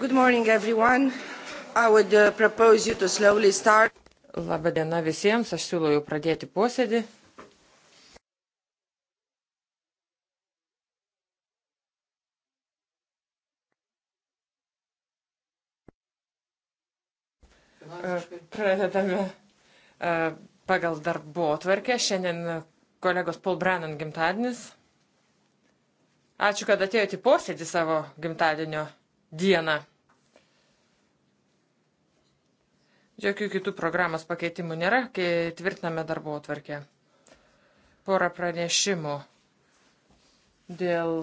Good morning, everyone. I would uh, propose you to slowly start. Labą dieną visiems, aš siūlau jau pradėti posėdį. Uh, pradedame uh, pagal darbo atvarkę. Šiandien uh, kolegos Paul Brennan gimtadienis. Ačiū, kad atėjote į posėdį savo gimtadienio dieną. Jokių kitų programos pakeitimų nėra, kai tvirtiname darbo atvarkę. Porą pranešimų dėl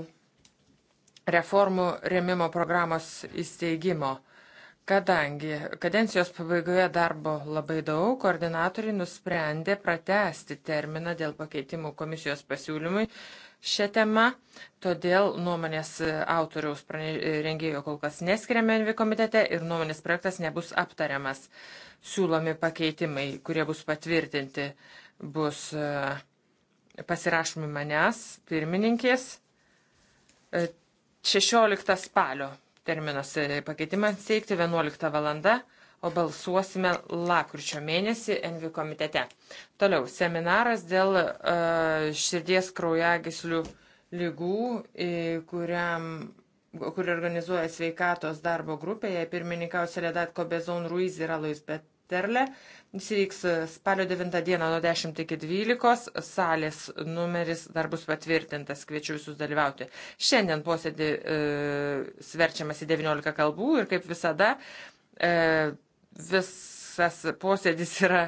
reformų remimo programos įsteigimo. Kadangi kadencijos pabaigoje darbo labai daug, koordinatoriai nusprendė pratesti terminą dėl pakeitimų komisijos pasiūlymui šią temą, todėl nuomonės autoriaus rengėjo kol kas neskiriame Envi komitete ir nuomonės projektas nebus aptariamas. Siūlomi pakeitimai, kurie bus patvirtinti, bus e, pasirašomi manęs, pirmininkės, 16 e, spalio Terminas pakeitimams teikti 11 valanda, o balsuosime lakryčio mėnesį Envi komitete. Toliau, seminaras dėl uh, širdies kraujagislių lygų, kuriam kuri organizuoja sveikatos darbo grupę, jai pirmininkaus Ledatko Bezon Ruiz yra Luis Bet Terle. Jis vyks e, spalio 9 dieną nuo 10 iki 12. Salės numeris dar bus patvirtintas. Kviečiu visus dalyvauti. Šiandien posėdį e, sverčiamas į 19 kalbų ir kaip visada e, visas posėdis yra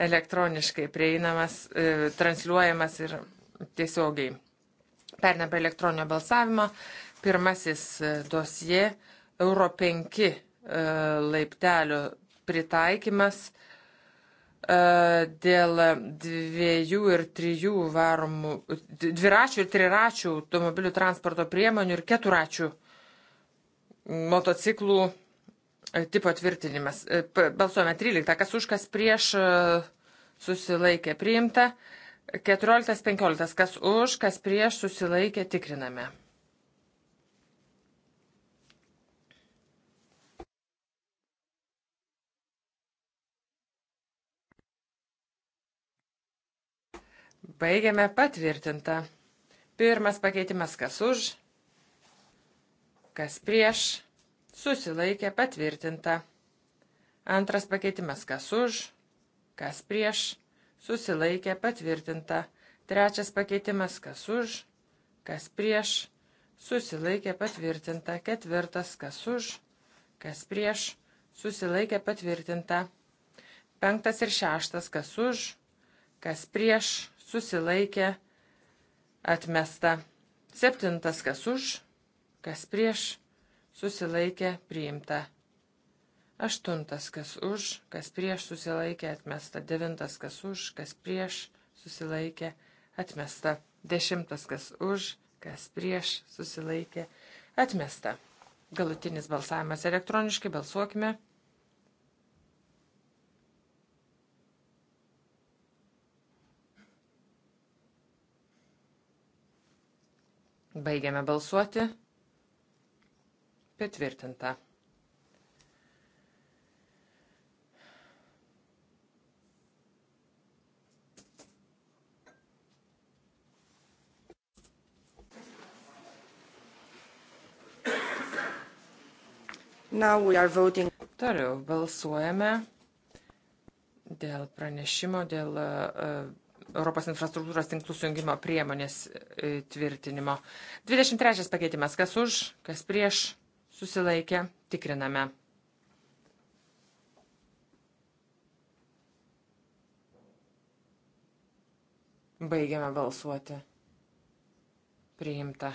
elektroniškai prieinamas, e, transliuojamas ir tiesiogiai. Pernė prie elektroninio balsavimo. Pirmasis e, dosie Euro 5 e, laiptelio pritaikymas e, dėl dviejų ir trijų varomų, dviračių ir triračių automobilių transporto priemonių ir keturačių motociklų e, tipo tvirtinimas. E, balsuojame 13, kas už, kas prieš susilaikė priimta, 14, 15, kas už, kas prieš susilaikė tikriname. Baigiame patvirtintą. Pirmas pakeitimas kas už, kas prieš, susilaikė patvirtinta. Antras pakeitimas kas už, kas prieš, susilaikė patvirtinta. Trečias pakeitimas kas už, kas prieš, susilaikė patvirtinta. Ketvirtas kas už, kas prieš, susilaikė patvirtinta. Penktas ir šeštas kas už, kas prieš, susilaikė, atmesta. Septintas, kas už, kas prieš, susilaikė, priimta. Aštuntas, kas už, kas prieš, susilaikė, atmesta. Devintas, kas už, kas prieš, susilaikė, atmesta. Dešimtas, kas už, kas prieš, susilaikė, atmesta. Galutinis balsavimas elektroniškai balsuokime. Baigiame balsuoti. Patvirtinta. Toliau balsuojame dėl pranešimo, dėl uh, Europos infrastruktūros tinklų sujungimo priemonės e, tvirtinimo. 23 pakeitimas. Kas už, kas prieš, susilaikė, tikriname. Baigiame balsuoti. Priimta.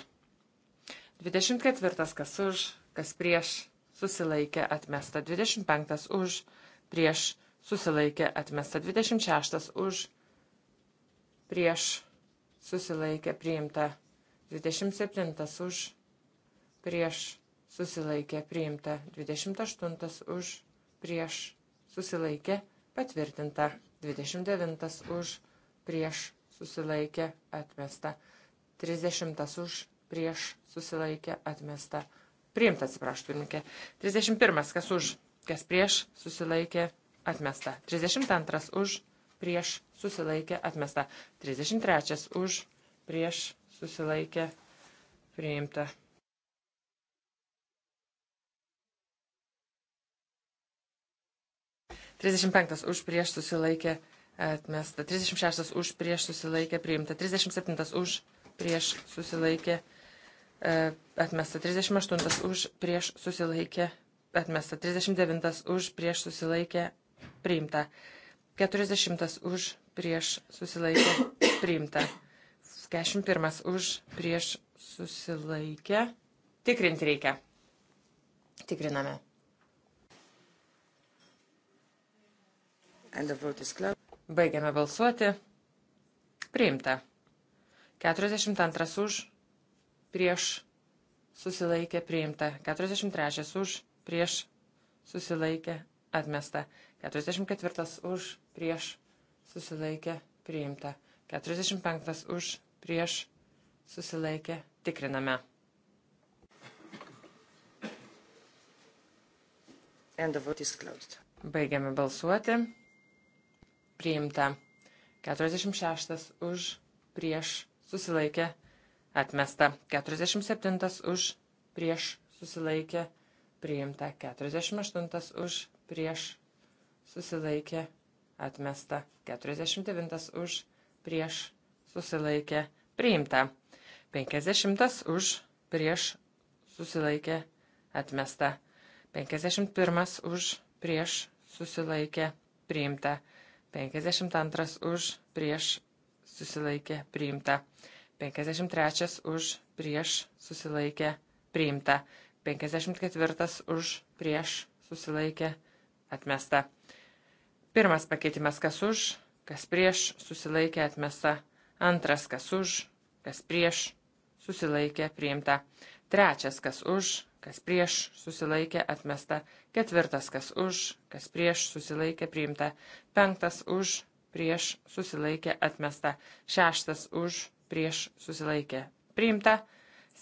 24. Kas už, kas prieš, susilaikė, atmesta. 25. Už, prieš, susilaikė, atmesta. 26. Už, prieš susilaikę priimta. 27 už prieš susilaikę priimta. 28 už prieš susilaikę patvirtinta. 29 už prieš susilaikę atmesta. 30 už prieš susilaikę atmesta. Priimta, atsiprašau, pirmininkė. 31 kas už, kas prieš susilaikė atmesta. 32 už prieš susilaikė atmesta. 33 už prieš susilaikė priimta. Trisdešimt penktas už prieš susilaikė atmesta. Trisdešimt šeštas už prieš susilaikė priimta. Trisdešimt septintas už prieš susilaikė e, atmesta. Trisdešimt aštuntas už prieš susilaikė atmesta. Trisdešimt devintas už prieš susilaikė priimta. 39 40 už prieš susilaikę priimta. 41 už prieš susilaikę. Tikrinti reikia. Tikriname. Baigiame balsuoti. Priimta. 42 už prieš susilaikė priimta. 43 už prieš susilaikė atmesta. 44 už prieš susilaikė priimta. 45 už prieš susilaikė tikriname. Baigiame balsuoti. Priimta. 46 už prieš susilaikė atmesta. 47 už prieš susilaikė priimta. 48 už prieš susilaikė atmesta atmesta, 49 už, prieš, susilaikė, priimta, 50 už, prieš, susilaikė, atmesta, 51 už, prieš, susilaikė, priimta, 52 už, prieš, susilaikė, priimta, 53 už, prieš, susilaikė, priimta, 54 už, prieš, susilaikė, atmesta. Pirmas pakeitimas kas už, kas prieš susilaikė atmesta. Antras kas už, kas prieš susilaikė priimta. Trečias kas už, kas prieš susilaikė atmesta. Ketvirtas kas už, kas prieš susilaikė priimta. Penktas už, prieš susilaikė atmesta. Šeštas už, prieš susilaikė priimta.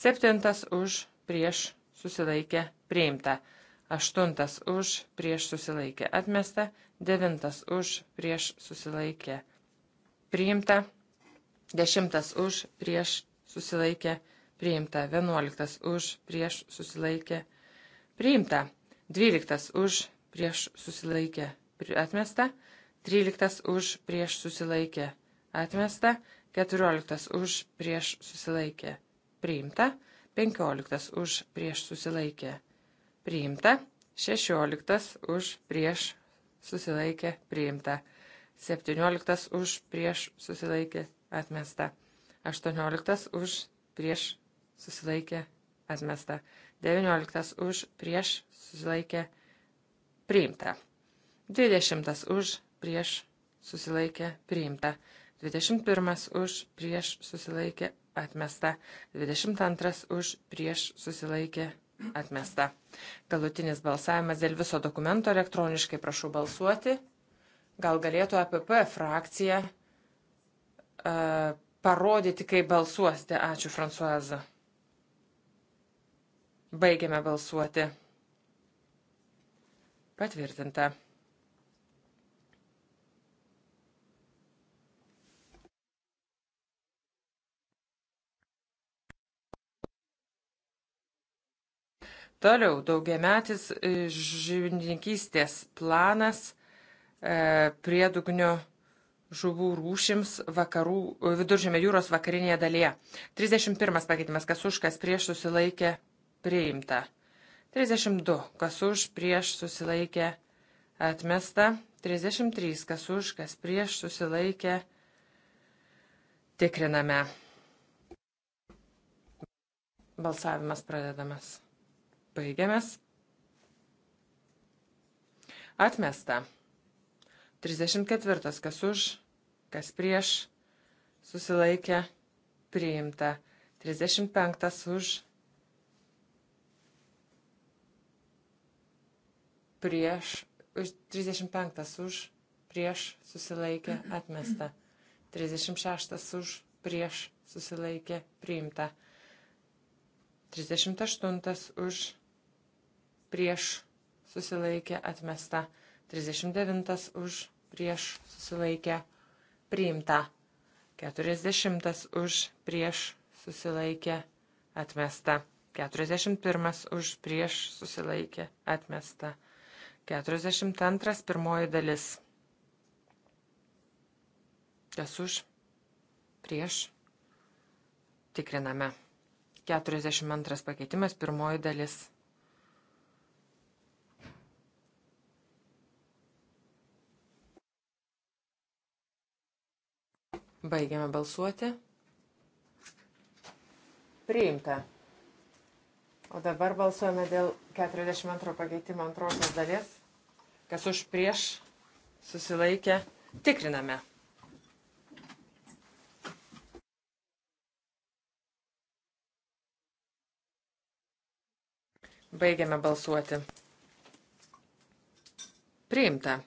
Septintas už, prieš susilaikė priimta. Aštuntas už prieš susilaikė atmesta, devintas už prieš susilaikė priimta, dešimtas už prieš susilaikė priimta, vienuoliktas už prieš susilaikė priimta, dvyliktas už prieš susilaikė atmesta, tryliktas už prieš susilaikė atmesta, keturioliktas už prieš susilaikė priimta, penkioliktas už prieš susilaikė priimta priimta, 16 už prieš susilaikė priimta, 17 už prieš susilaikė atmesta, 18 už prieš susilaikė atmesta, 19 už prieš susilaikė priimta, 20 už prieš susilaikė priimta, 21 už prieš susilaikė atmesta, 22 už prieš susilaikė Atmesta. Galutinis balsavimas dėl viso dokumento elektroniškai prašau balsuoti. Gal galėtų APP frakcija uh, parodyti, kaip balsuosite. Ačiū, Fransuaza. Baigiame balsuoti. Patvirtinta. Toliau daugiametis e, žuvininkystės planas e, priedugnio žuvų rūšims vakarų, e, viduržėmė jūros vakarinėje dalyje. 31 pakeitimas, kas už, kas prieš susilaikė, priimta. 32, kas už, prieš susilaikė, atmesta. 33, kas už, kas prieš susilaikė, tikriname. Balsavimas pradedamas. Baigiamės. Atmesta. 34. Kas už, kas prieš, susilaikė, priimta. 35. Už, prieš, 35. Už, prieš, susilaikė, atmesta. 36. Už, prieš, susilaikė, priimta. 38. Už, prieš prieš susilaikė atmesta, 39 už prieš susilaikė priimta, 40 už prieš susilaikė atmesta, 41 už prieš susilaikė atmesta, 42 pirmoji dalis. Kas už prieš tikriname. 42 pakeitimas pirmoji dalis. Baigiame balsuoti. Priimta. O dabar balsuojame dėl 42 pakeitimo antrosios dalies. Kas už prieš susilaikė, tikriname. Baigiame balsuoti. Priimta.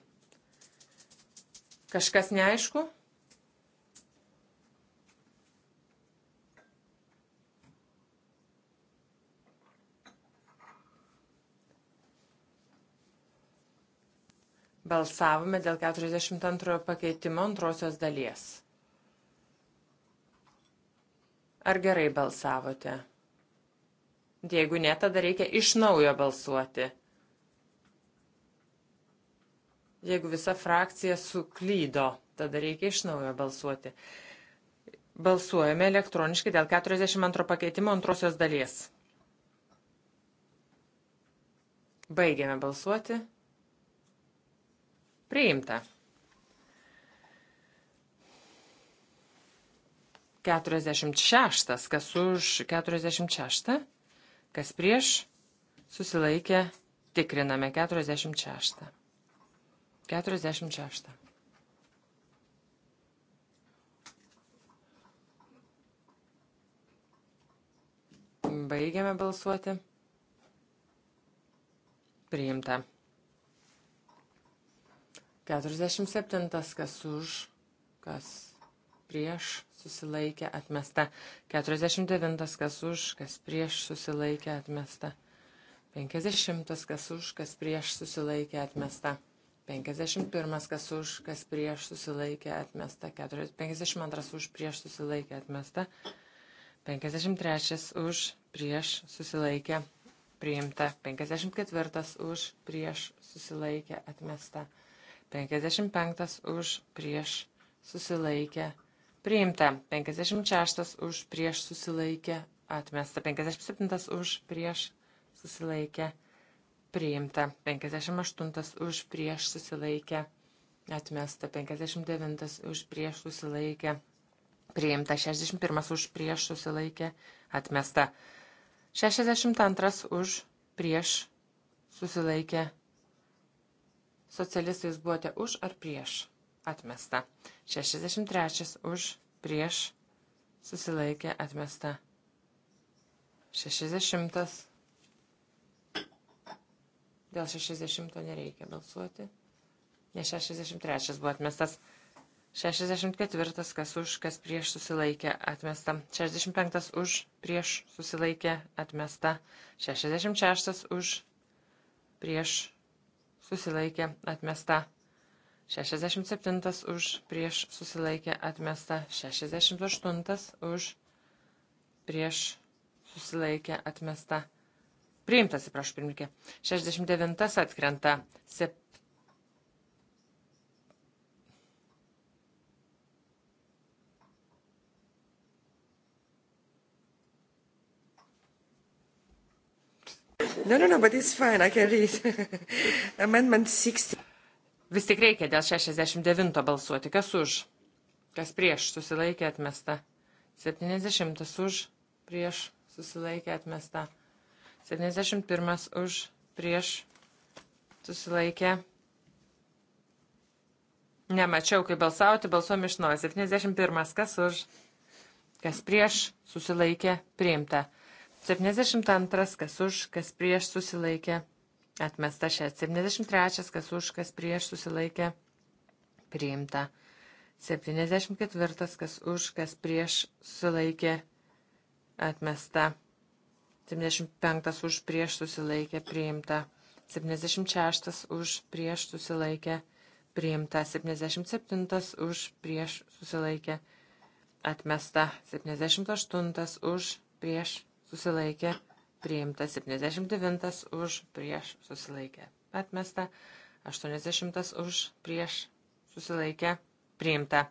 Kažkas neaišku? Balsavome dėl 42 pakeitimo antrosios dalies. Ar gerai balsavote? Jeigu ne, tada reikia iš naujo balsuoti. Jeigu visa frakcija suklydo, tada reikia iš naujo balsuoti. Balsuojame elektroniškai dėl 42 pakeitimo antrosios dalies. Baigiame balsuoti. Priimta. 46. Kas už 46? Kas prieš? Susilaikė. Tikriname 46. 46. Baigiame balsuoti. Priimta. 47. Kas už, kas prieš susilaikė atmesta. 49. Kas už, kas prieš susilaikė atmesta. 50. Kas už, kas prieš susilaikė atmesta. 51 kas už, kas prieš susilaikė atmesta, 4, 52 už prieš susilaikė atmesta, 53 už prieš susilaikė priimta, 54 už prieš susilaikė atmesta, 55 už prieš susilaikę priimta, 56 už prieš susilaikę atmesta, 57 už prieš susilaikę priimta, 58 už prieš susilaikę atmesta, 59 už prieš susilaikę priimta, 61 už prieš susilaikę atmesta, 62 už prieš susilaikę Socialistai jūs buvote už ar prieš? Atmesta. 63 už, prieš, susilaikė, atmesta. 60. Dėl 60 nereikia balsuoti. Ne 63 buvo atmestas. 64 kas už, kas prieš susilaikė atmesta. 65 už, prieš susilaikė atmesta. 66 už, prieš susilaikė atmesta. 67 už prieš susilaikė atmesta. 68 už prieš susilaikė atmesta. Priimtas, prašau, pirmininkė. 69 atkrenta. 7 No, no, no, but it's fine, I can read. Amendment 60. Vis tik reikia dėl 69 balsuoti. Kas už? Kas prieš? Susilaikė atmesta. 70 už, prieš, susilaikė atmesta. 71 už, prieš, susilaikė. Nemačiau, kaip balsauti, balsuom iš naujo. 71 kas už, kas prieš, susilaikė, priimta. 72 kas už, kas prieš susilaikė, atmesta šią. 73 kas už, kas prieš susilaikė, priimta. 74 kas už, kas prieš susilaikė, atmesta. 75 už prieš susilaikė, priimta. 76 už prieš susilaikė, priimta. 77 už prieš susilaikė, atmesta. 78 už prieš susilaikė, priimta 79 už, prieš susilaikė, atmesta 80 už, prieš susilaikė, priimta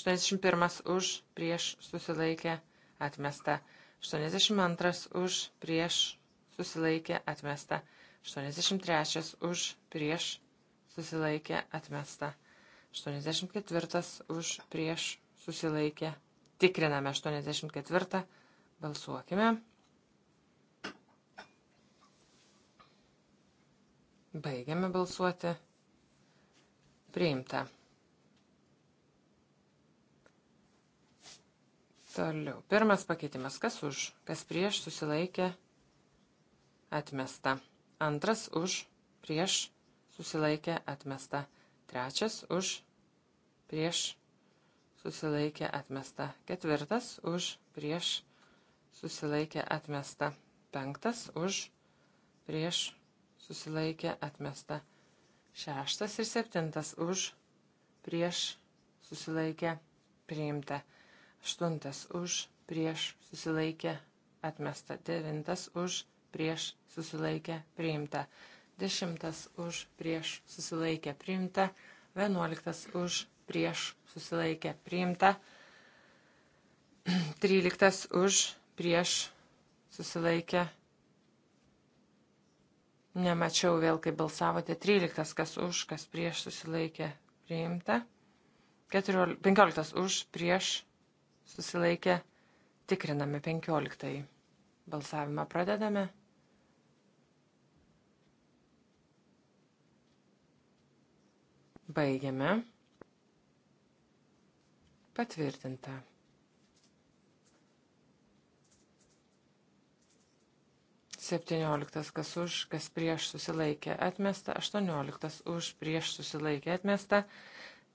81 už, prieš susilaikė, atmesta 82 už, prieš susilaikė, atmesta 83 už, prieš susilaikė, atmesta 84 už, prieš susilaikė, tikriname 84, balsuokime. Baigiame balsuoti. Priimta. Toliau. Pirmas pakeitimas. Kas už? Kas prieš susilaikė? Atmesta. Antras už. Prieš susilaikė atmesta. Trečias už. Prieš susilaikė atmesta. Ketvirtas už. Prieš susilaikė atmesta. Penktas už. Prieš susilaikė atmesta. Šeštas ir septintas už, prieš susilaikė priimta. Aštuntas už, prieš susilaikė atmesta. Devintas už, prieš susilaikė priimta. Dešimtas už, prieš susilaikė priimta. Vienuoliktas už, prieš susilaikė priimta. Tryliktas už, prieš susilaikė priimta. Nemačiau vėl, kai balsavote. 13, kas už, kas prieš susilaikė priimta. 14, 15 už, prieš susilaikė. Tikriname 15. Balsavimą pradedame. Baigiame. Patvirtinta. 17 kas už, kas prieš susilaikė atmesta, 18 už prieš susilaikė atmesta,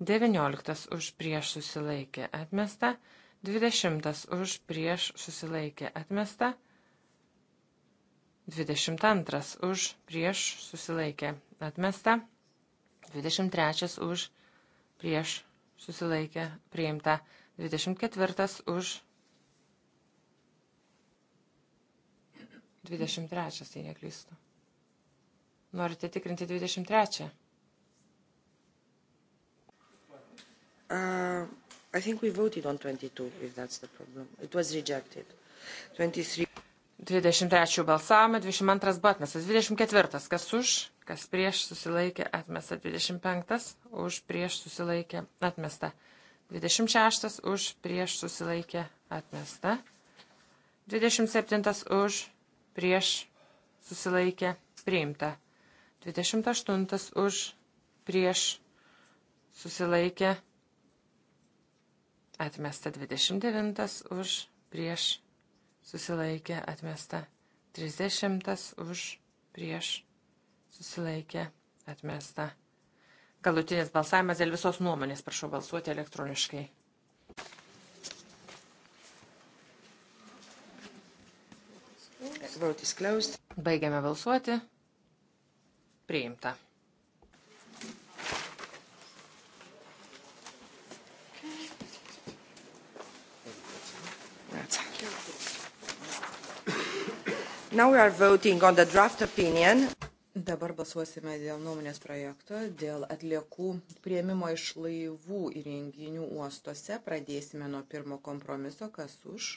19 už prieš susilaikė atmesta, 20 už prieš susilaikė atmesta, 22 už prieš susilaikė atmesta, 23 už prieš susilaikė priimta, 24 už 23, tai neklystu. Norite tikrinti 23? Uh, I think we voted on 22, if that's the problem. It was rejected. 23. 23 balsavome, 22 buvo atmestas, 24 kas už, kas prieš susilaikė atmesta, 25 už prieš susilaikė atmesta, 26 už prieš susilaikė atmesta, 27 už prieš susilaikė priimta. 28 už prieš susilaikė atmesta. 29 už prieš susilaikė atmesta. 30 už prieš susilaikė atmesta. Galutinis balsavimas dėl visos nuomonės, prašau balsuoti elektroniškai. Vote is closed. Baigiame balsuoti. Priimta. Now we are voting on the draft opinion. Dabar balsuosime dėl nuomonės projekto, dėl atliekų prieimimo iš laivų įrenginių uostuose. Pradėsime nuo pirmo kompromiso, kas už,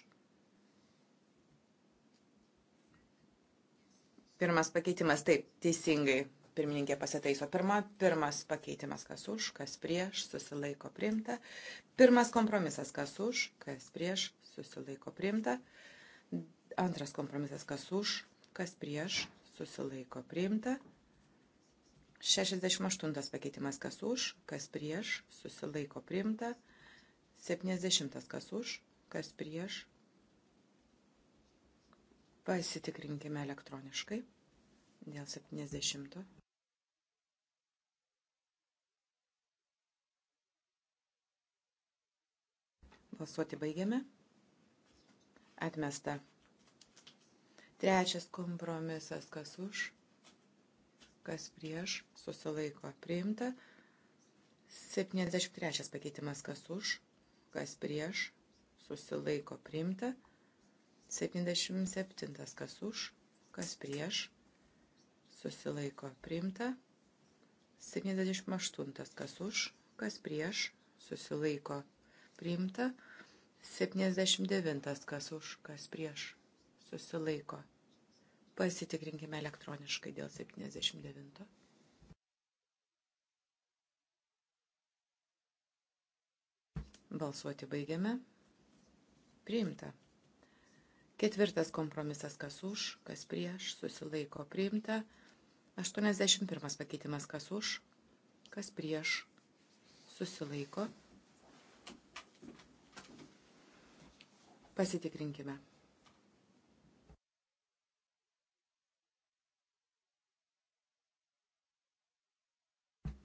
Pirmas pakeitimas, taip, teisingai, pirmininkė pasitaiso. Pirma, pirmas pakeitimas, kas už, kas prieš, susilaiko priimta. Pirmas kompromisas, kas už, kas prieš, susilaiko priimta. Antras kompromisas, kas už, kas prieš, susilaiko priimta. 68 pakeitimas, kas už, kas prieš, susilaiko priimta. 70 kas už, kas prieš, Pasitikrinkime elektroniškai dėl 70. Balsuoti baigiame. Atmesta. Trečias kompromisas, kas už, kas prieš, susilaiko priimta. 73 pakeitimas, kas už, kas prieš, susilaiko priimta. 77. Kas už, kas prieš, susilaiko priimta. 78. Kas už, kas prieš, susilaiko priimta. 79. Kas už, kas prieš, susilaiko. Pasitikrinkime elektroniškai dėl 79. Balsuoti baigiame. Priimta. Ketvirtas kompromisas, kas už, kas prieš, susilaiko priimta. 81 pakeitimas, kas už, kas prieš, susilaiko. Pasitikrinkime.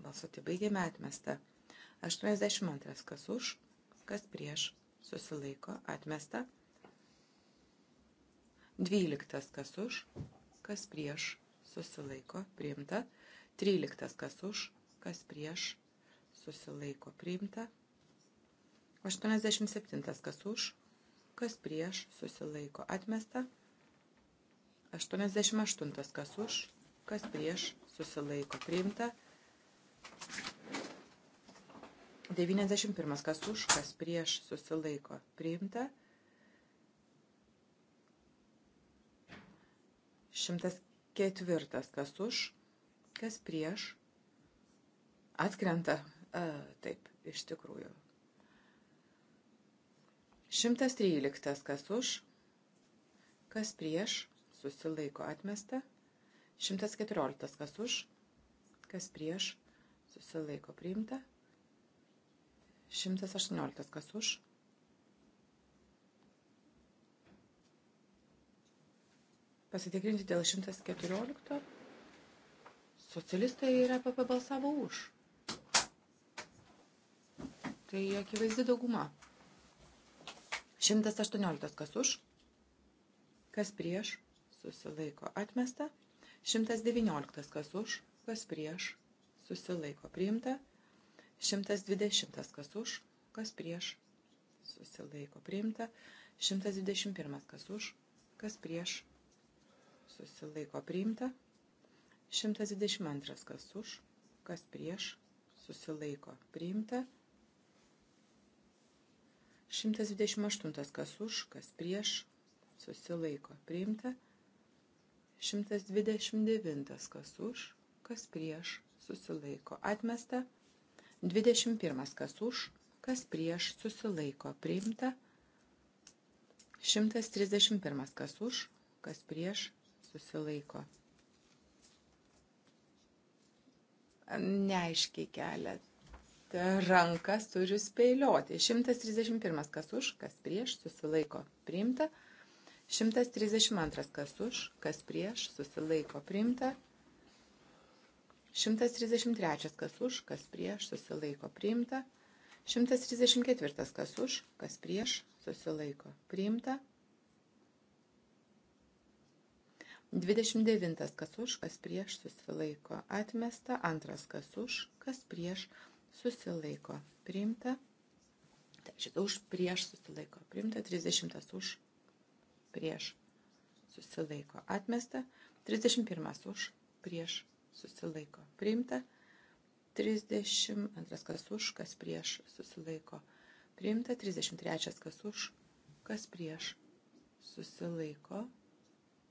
Balsuoti baigėme atmestą. 82. Kas už, kas prieš, susilaiko, atmesta. 12 kas už, kas prieš, susilaiko, priimta. 13 kas už, kas prieš, susilaiko, priimta. 87 kas už, kas prieš, susilaiko, atmesta. 88 kas už, kas prieš, susilaiko, priimta. 91 kas už, kas prieš, susilaiko, priimta. 104. Kas už, kas prieš. Atkrenta. A, taip, iš tikrųjų. 113. Kas už, kas prieš. Susilaiko atmesta. 114. Kas už, kas prieš. Susilaiko priimta. 118. Kas už, pasitikrinti dėl 114. Socialistai ir APP balsavo už. Tai akivaizdi dauguma. 118 kas už, kas prieš, susilaiko atmesta. 119 kas už, kas prieš, susilaiko priimta. 120 kas už, kas prieš, susilaiko priimta. 121 kas už, kas prieš, susilaiko priimta. 122 kas už, kas prieš, susilaiko priimta. 128 kas už, kas prieš, susilaiko priimta. 129 kas už, kas prieš, susilaiko atmesta. 21 kas už, kas prieš, susilaiko priimta. 131 kas už, kas prieš, susilaiko. Neaiškiai kelia rankas, turiu spėlioti. 131 kas už, kas prieš, susilaiko priimta. 132 kas už, kas prieš, susilaiko priimta. 133 kas už, kas prieš, susilaiko priimta. 134 kas už, kas prieš, susilaiko priimta. 29. Kas už, kas prieš susilaiko. Atmesta. Antras. Kas už, kas prieš susilaiko. Priimta. Šitą už prieš susilaiko. Priimta. 30. Už prieš susilaiko. Atmesta. 31. Už prieš susilaiko. Priimta. 32. Kas už, kas prieš susilaiko. Priimta. 33. Kas už, kas prieš susilaiko.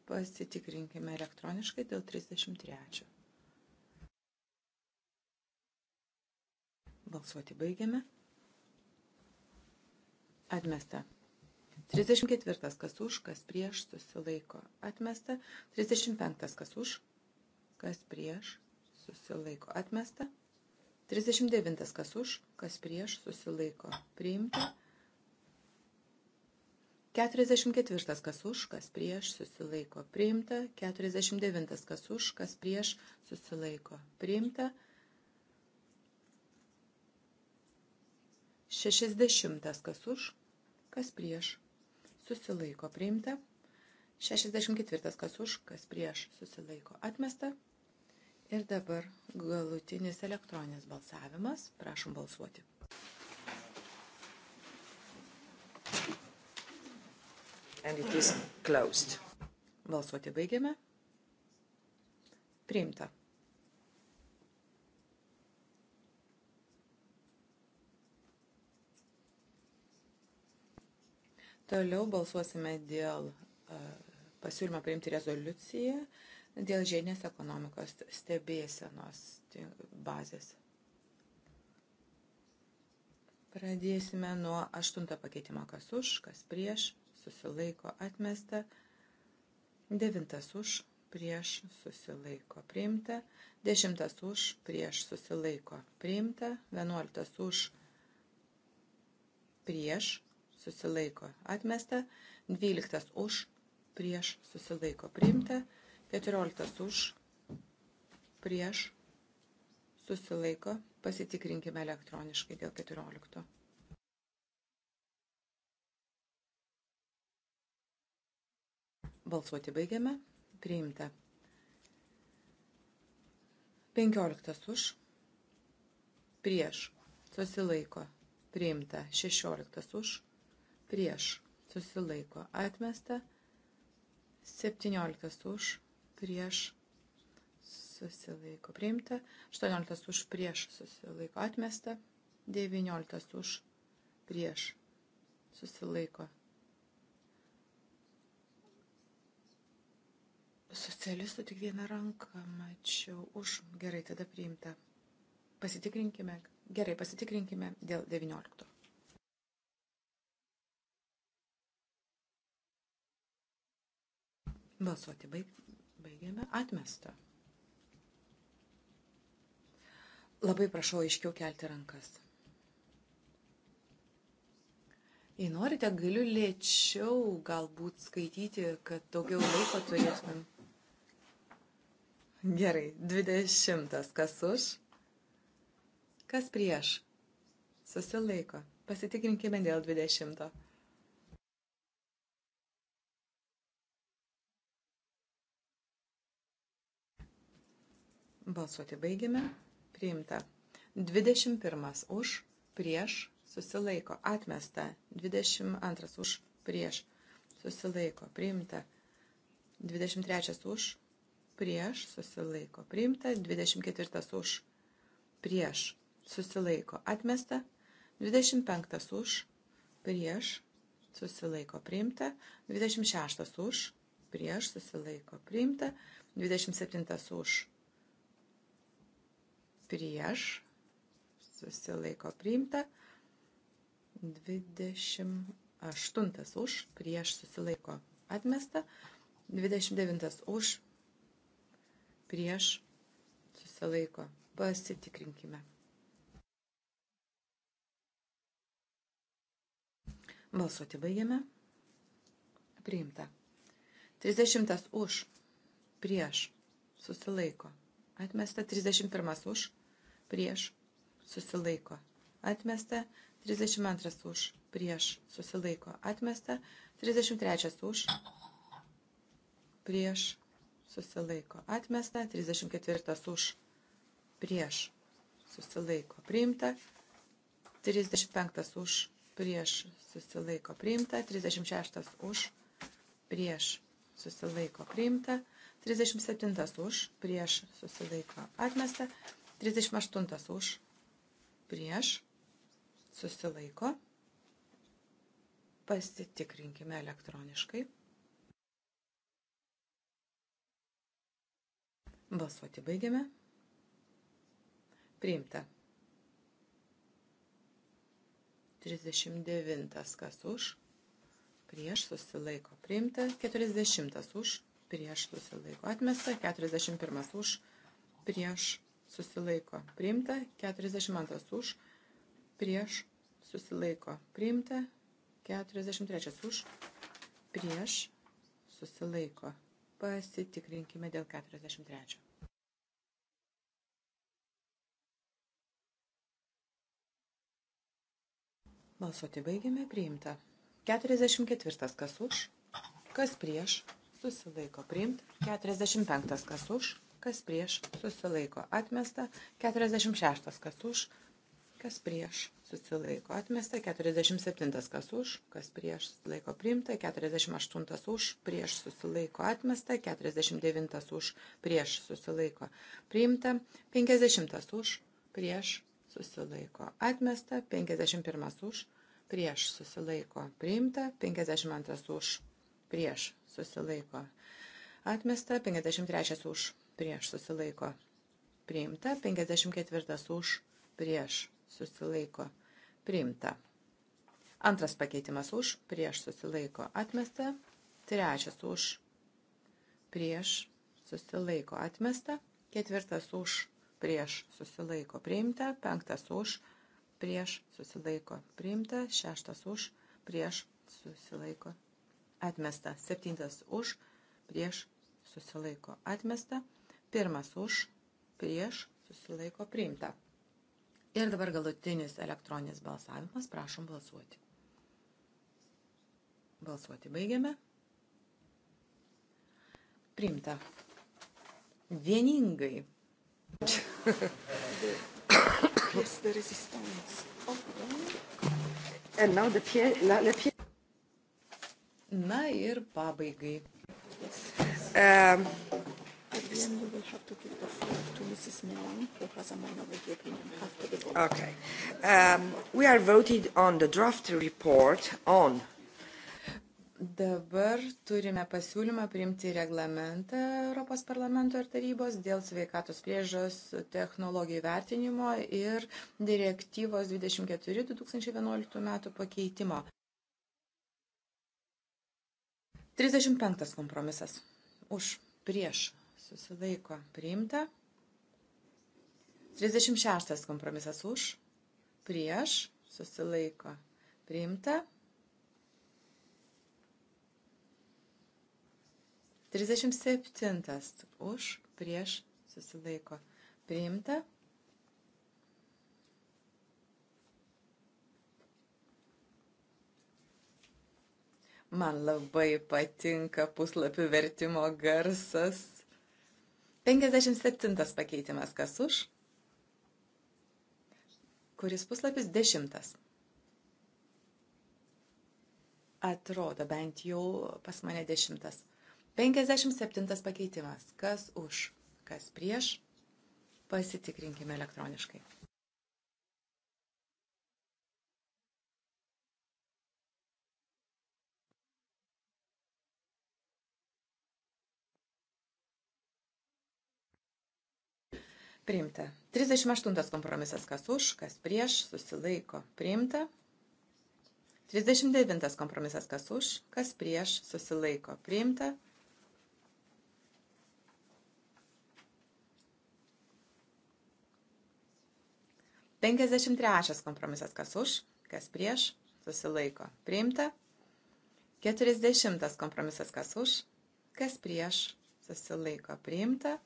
Pasitikrinkime elektroniškai dėl 33. Balsuoti baigiame. Atmesta. 34. Kas už, kas prieš, susilaiko. Atmesta. 35. Kas už, kas prieš, susilaiko. Atmesta. 39. Kas už, kas prieš, susilaiko. Priimta. 44 kas už, kas prieš susilaiko priimta, 49 kas už, kas prieš susilaiko priimta, 60 kas už, kas prieš susilaiko priimta, 64 kas už, kas prieš susilaiko atmesta. Ir dabar galutinis elektroninis balsavimas. Prašom balsuoti. and it is closed. Balsuoti baigiame. Priimta. Toliau balsuosime dėl e, pasiūlymą priimti rezoliuciją dėl žemės ekonomikos stebėsenos bazės. Pradėsime nuo aštunto pakeitimo, kas už, kas prieš susilaiko atmesta, devintas už, prieš susilaiko priimta, dešimtas už, prieš susilaiko priimta, vienuoliktas už, prieš susilaiko atmesta, dvyliktas už, prieš susilaiko priimta, keturioliktas už, prieš susilaiko, pasitikrinkime elektroniškai dėl keturiolikto. Balsuoti baigiame. Priimta. 15 už. Prieš. Susilaiko. Priimta. 16 už. Prieš. Susilaiko. Atmesta. 17 už. Prieš. Susilaiko. Priimta. 18 už. Prieš. Susilaiko. Atmesta. 19 už. Prieš. Susilaiko. Socialistų tik vieną ranką mačiau. Už. Gerai, tada priimta. Pasitikrinkime. Gerai, pasitikrinkime dėl 19. Balsuoti baig, baigėme. Atmesta. Labai prašau aiškiau kelti rankas. Jei norite, galiu lėčiau galbūt skaityti, kad daugiau laiko turėtumėm. Gerai, dvidešimtas. Kas už? Kas prieš? Susilaiko. Pasitikrinkime dėl dvidešimto. Balsuoti baigime. Priimta. 21 už, prieš, susilaiko. Atmesta. 22 už, prieš, susilaiko. Priimta. 23 už, prieš susilaiko priimta, 24 už prieš susilaiko atmesta, 25 už prieš susilaiko priimta, 26 už prieš susilaiko priimta, 27 už prieš susilaiko priimta, 28 už prieš susilaiko atmesta, 29 už prieš susilaiko. Pasitikrinkime. Balsuoti baigiame. Priimta. 30 už, prieš, susilaiko. Atmesta 31 už, prieš, susilaiko. Atmesta 32 už, prieš, susilaiko. Atmesta 33 už, prieš, susilaiko atmesta, 34 už prieš susilaiko priimta, 35 už prieš susilaiko priimta, 36 už prieš susilaiko priimta, 37 už prieš susilaiko atmesta, 38 už prieš susilaiko. Pasitikrinkime elektroniškai. Balsuoti baigiame. Priimta. 39. Kas už? Prieš susilaiko. Priimta. 40. Už? Prieš susilaiko. Atmesta. 41. Už? Prieš susilaiko. Priimta. 42. Už? Prieš susilaiko. Priimta. 43. Už? Prieš susilaiko. Pasitikrinkime dėl 43. Balsuoti baigėme, priimta. 44. Kas už? Kas prieš? Susilaiko priimta. 45. Kas už? Kas prieš? Susilaiko atmesta. 46. Kas už? kas prieš susilaiko atmesta, 47 kas už, kas prieš susilaiko priimta, 48 už, prieš susilaiko atmesta, 49 už, prieš susilaiko priimta, 50 už, prieš susilaiko atmesta, 51 už, prieš susilaiko priimta, 52 už, prieš susilaiko atmesta, 53 už, prieš susilaiko priimta, 54 už, prieš susilaiko priimta. Antras pakeitimas už, prieš susilaiko atmesta. Trečias už, prieš susilaiko atmesta. Ketvirtas už, prieš susilaiko priimta. Penktas už, prieš susilaiko priimta. Šeštas už, prieš susilaiko atmesta. Septintas už, prieš susilaiko atmesta. Pirmas už, prieš susilaiko priimta. Ir dabar galutinis elektroninis balsavimas. Prašom balsuoti. Balsuoti baigiame. Priimta. Vieningai. yes, the resistance. And now the Pierre, la, la Pierre. Na ir pabaigai. Um. Then we will have to give the floor to Mrs. Mellon, who has a minority opinion after the vote. Okay. Um, we are voted on the draft report on Dabar turime pasiūlymą priimti reglamentą Europos parlamento ir tarybos dėl sveikatos priežos technologijų vertinimo ir direktyvos 24-2011 metų pakeitimo. 35 kompromisas. Už, prieš, susilaiko priimta. 36 kompromisas už, prieš, susilaiko priimta. 37 už, prieš, susilaiko priimta. 38 man labai patinka puslapių vertimo garsas. 57 pakeitimas. Kas už? Kuris puslapis? Dešimtas. Atrodo, bent jau pas mane dešimtas. 57 pakeitimas. Kas už? Kas prieš? Pasitikrinkime elektroniškai. Priimta. 38 kompromisas, kas už, kas prieš, susilaiko. Priimta. 39 kompromisas, kas už, kas prieš, susilaiko. Priimta. 53 kompromisas, kas už, kas prieš, susilaiko. Priimta. 40 kompromisas, kas už, kas prieš, susilaiko. Priimta.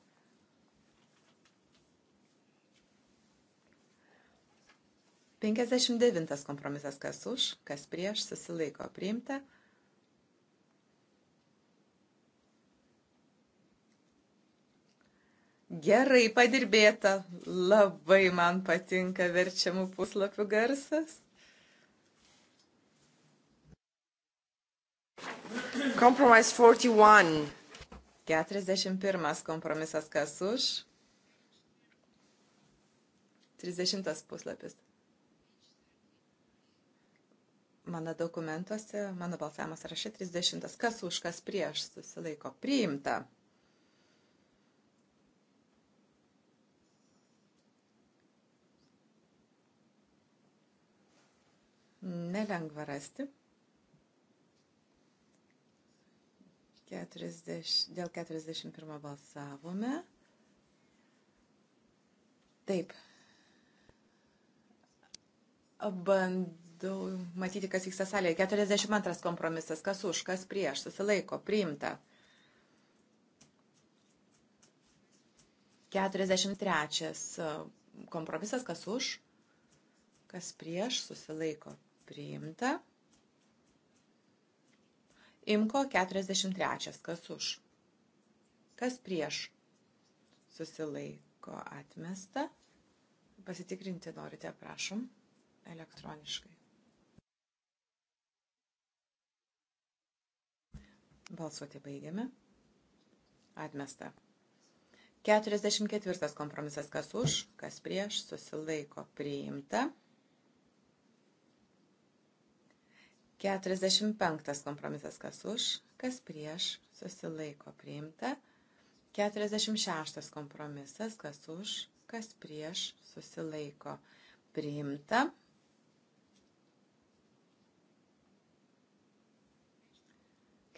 59 kompromisas kas už, kas prieš, susilaiko priimta. Gerai padirbėta, labai man patinka verčiamų puslapių garsas. Compromise 41. 41 kompromisas kas už. 30 puslapis mano dokumentuose, mano balsavimo sąraše 30. Kas už, kas prieš susilaiko priimta. Nelengva rasti. 40, dėl 41 balsavome. Taip. Bandau daug matyti, kas vyksta salėje. 42 kompromisas, kas už, kas prieš, susilaiko, priimta. 43 e, kompromisas, kas už, kas prieš, susilaiko, priimta. Imko 43, kas už, kas prieš, susilaiko, atmesta. Pasitikrinti norite, prašom, elektroniškai. Balsuoti baigiame. Atmesta. 44 kompromisas kas už, kas prieš, susilaiko priimta. 45 kompromisas kas už, kas prieš, susilaiko priimta. 46 kompromisas kas už, kas prieš, susilaiko priimta.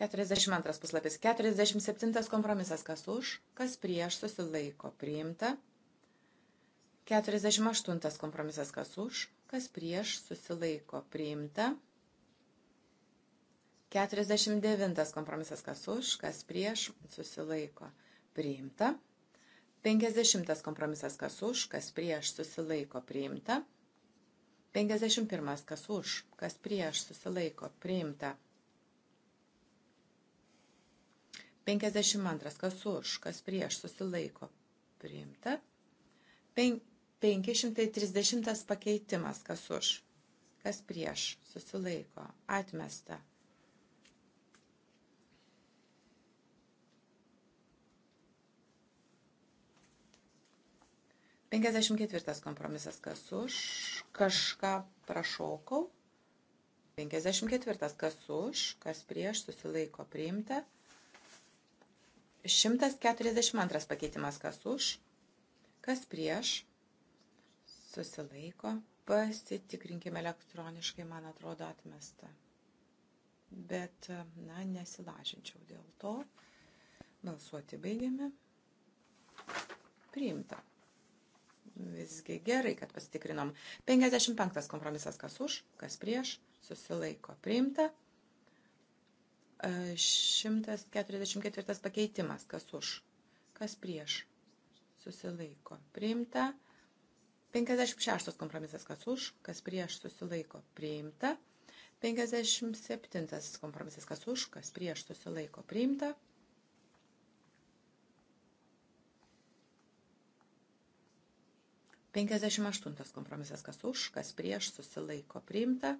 42 puslapis. 47 kompromisas. Kas už, kas prieš susilaiko. Priimta. 48 kompromisas. Kas už, kas prieš susilaiko. Priimta. 49 kompromisas. Kas už, kas prieš susilaiko. Priimta. 50 kompromisas. Kas už, kas prieš susilaiko. Priimta. 51 kas už, kas prieš susilaiko. Priimta. 52. Kas už, kas prieš susilaiko priimta. 530 pakeitimas. Kas už, kas prieš susilaiko atmesta. Penkiasdešimt ketvirtas kompromisas, kas už, kažką prašaukau. Penkiasdešimt ketvirtas, kas už, kas prieš, susilaiko priimta. 531 142 pakeitimas kas už, kas prieš, susilaiko, pasitikrinkime elektroniškai, man atrodo, atmesta. Bet, na, nesilažinčiau dėl to. Balsuoti baigiame. Priimta. Visgi gerai, kad pasitikrinom. 55 kompromisas kas už, kas prieš, susilaiko, priimta. 144 pakeitimas, kas už, kas prieš, susilaiko, priimta. 56 kompromisas, kas už, kas prieš, susilaiko, priimta. 57 kompromisas, kas už, kas prieš, susilaiko, priimta. 58 kompromisas, kas už, kas prieš, susilaiko, priimta.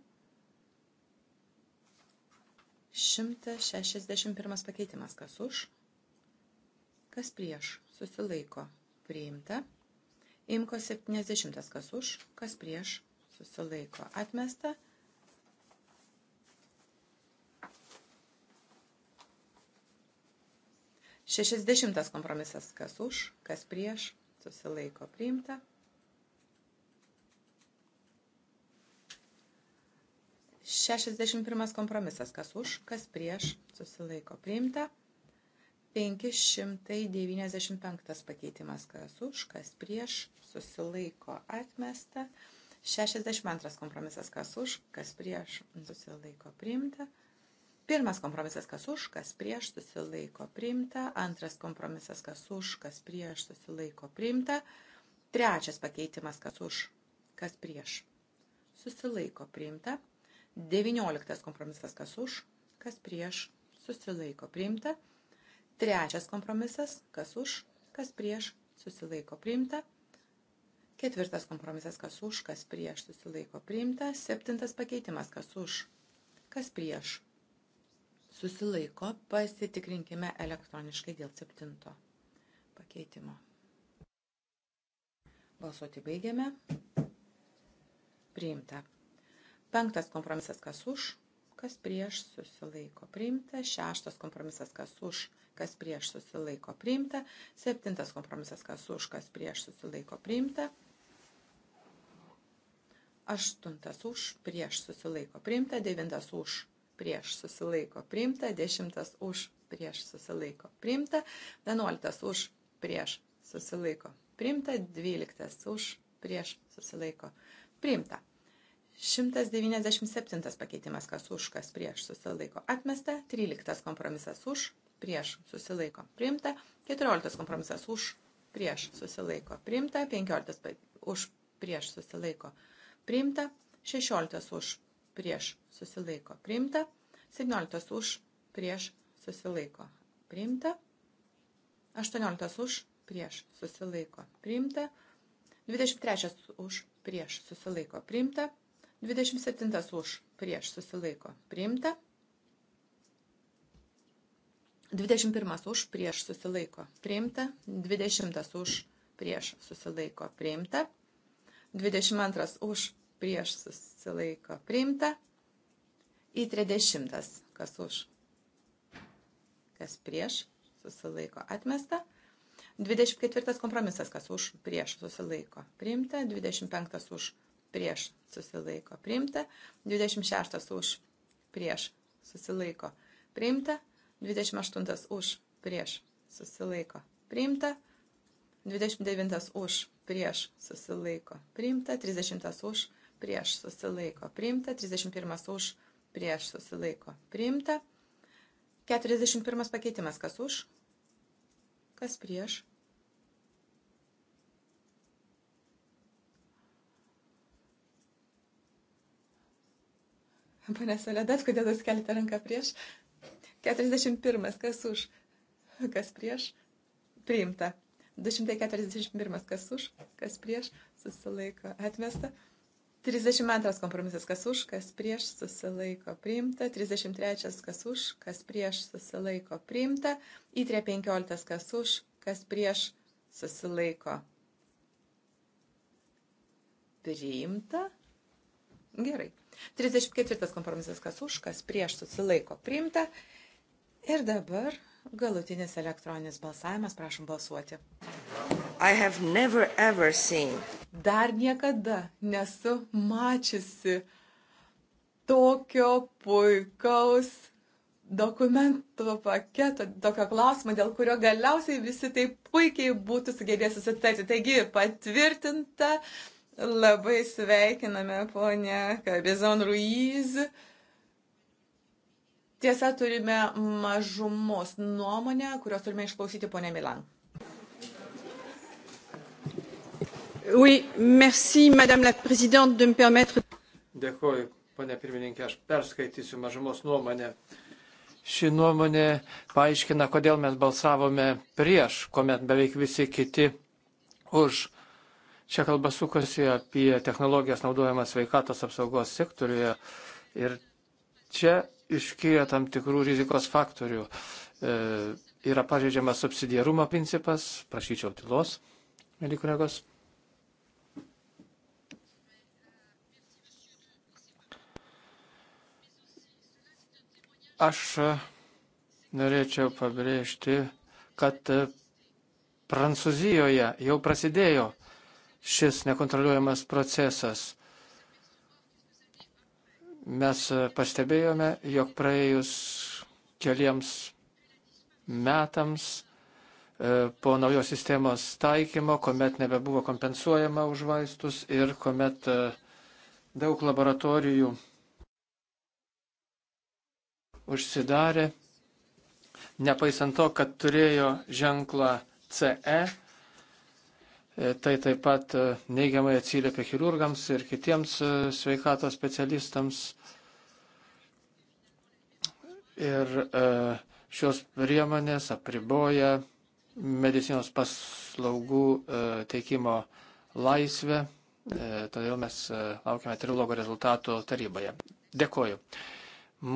161 pakeitimas. Kas už? Kas prieš? Susilaiko. Priimta. Imko 70. Kas už? Kas prieš? Susilaiko. Atmesta. Šešisdešimtas kompromisas. Kas už? Kas prieš? Susilaiko. Priimta. 61 kompromisas. Kas už, kas prieš, susilaiko priimta. 595 pakeitimas. Kas už, kas prieš, susilaiko atmesta. 62 kompromisas. Kas už, kas prieš, susilaiko priimta. Pirmas kompromisas, kas už, kas prieš, susilaiko priimta. Antras kompromisas, kas už, kas prieš, susilaiko priimta. Trečias pakeitimas, kas už, kas prieš, susilaiko priimta. 19 kompromisas kas už, kas prieš, susilaiko priimta. Trečias kompromisas kas už, kas prieš, susilaiko priimta. Ketvirtas kompromisas kas už, kas prieš, susilaiko priimta. Septintas pakeitimas kas už, kas prieš, susilaiko. Pasitikrinkime elektroniškai dėl septinto pakeitimo. Balsuoti baigiame. Priimta. Penktas kompromisas kas už, kas prieš susilaiko priimta. Šeštas kompromisas kas už, kas prieš susilaiko priimta. Septintas kompromisas kas už, kas prieš susilaiko priimta. Aštuntas už, prieš susilaiko priimta. Devintas už, prieš susilaiko priimta. Dešimtas už, prieš susilaiko priimta. Vienuoliktas už, prieš susilaiko priimta. Dvyliktas už, prieš susilaiko priimta. 197 pakeitimas, kas už, kas prieš susilaiko atmesta, 13 kompromisas už, prieš susilaiko priimta, 14 kompromisas už, prieš susilaiko priimta, 15 už, prieš susilaiko priimta, 16 už, prieš susilaiko priimta, 17 už, prieš susilaiko priimta, 18 už, prieš susilaiko priimta, 23 už, prieš susilaiko priimta, 27 už prieš susilaiko priimta. 21 už prieš susilaiko priimta. 20 už prieš susilaiko priimta. 22 už prieš susilaiko priimta. Į 30 kas už. Kas prieš susilaiko atmesta. 24 kompromisas kas už prieš susilaiko priimta. 25 už prieš prieš susilaiko priimta, 26 už prieš susilaiko priimta, 28 už prieš susilaiko priimta, 29 už prieš susilaiko priimta, 30 už prieš susilaiko priimta, 31 už prieš susilaiko priimta, 41 pakeitimas kas už, kas prieš Pane Soledat, kodėl jūs kelite ranką prieš? 41. Kas už? Kas prieš? Priimta. 241. Kas už? Kas prieš? Susilaiko. Atmesta. 32 kompromisas, kas už, kas prieš, susilaiko priimta. 33 kas už, kas prieš, susilaiko priimta. Įtrė 15 kas už, kas prieš, susilaiko priimta. Gerai. 34 kompromisas kas už, kas prieš susilaiko priimta. Ir dabar galutinis elektroninis balsavimas, prašom balsuoti. I have never ever seen. Dar niekada nesu mačiusi tokio puikaus dokumentų paketo, tokio klausimo, dėl kurio galiausiai visi taip puikiai būtų sugebėję susitarti. Taigi patvirtinta Labai sveikiname ponę Kabizon Ruiz. Tiesa, turime mažumos nuomonę, kurios turime išklausyti ponę Milan. Oui, merci, Madame la Présidente, de me permettre. Dėkuoju, ponė pirmininkė, aš perskaitysiu mažumos nuomonę. Ši nuomonė paaiškina, kodėl mes balsavome prieš, kuomet beveik visi kiti už Čia kalba sukasi apie technologijas naudojamas sveikatos apsaugos sektoriuje ir čia iškyla tam tikrų rizikos faktorių. E, yra pažeidžiamas subsidiarumo principas, prašyčiau tylos, mėly kolegos. Aš norėčiau pabrėžti, kad Prancūzijoje jau prasidėjo šis nekontroliuojamas procesas. Mes pastebėjome, jog praėjus keliems metams e, po naujos sistemos taikymo, kuomet nebebuvo kompensuojama už vaistus ir kuomet e, daug laboratorijų užsidarė, nepaisant to, kad turėjo ženklą CE, E, tai taip pat e, neigiamai atsiliepia chirurgams ir kitiems e, sveikatos specialistams. Ir šios priemonės apriboja medicinos paslaugų teikimo laisvę. Todėl mes laukiame trilogo rezultato taryboje. Dėkoju.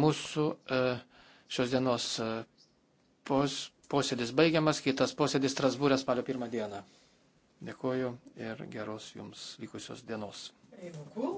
Mūsų šios dienos pos, posėdis baigiamas, kitas posėdis Strasbūrė spalio pirmą dieną. Dėkoju ir geros jums vykusios dienos. Hey, cool.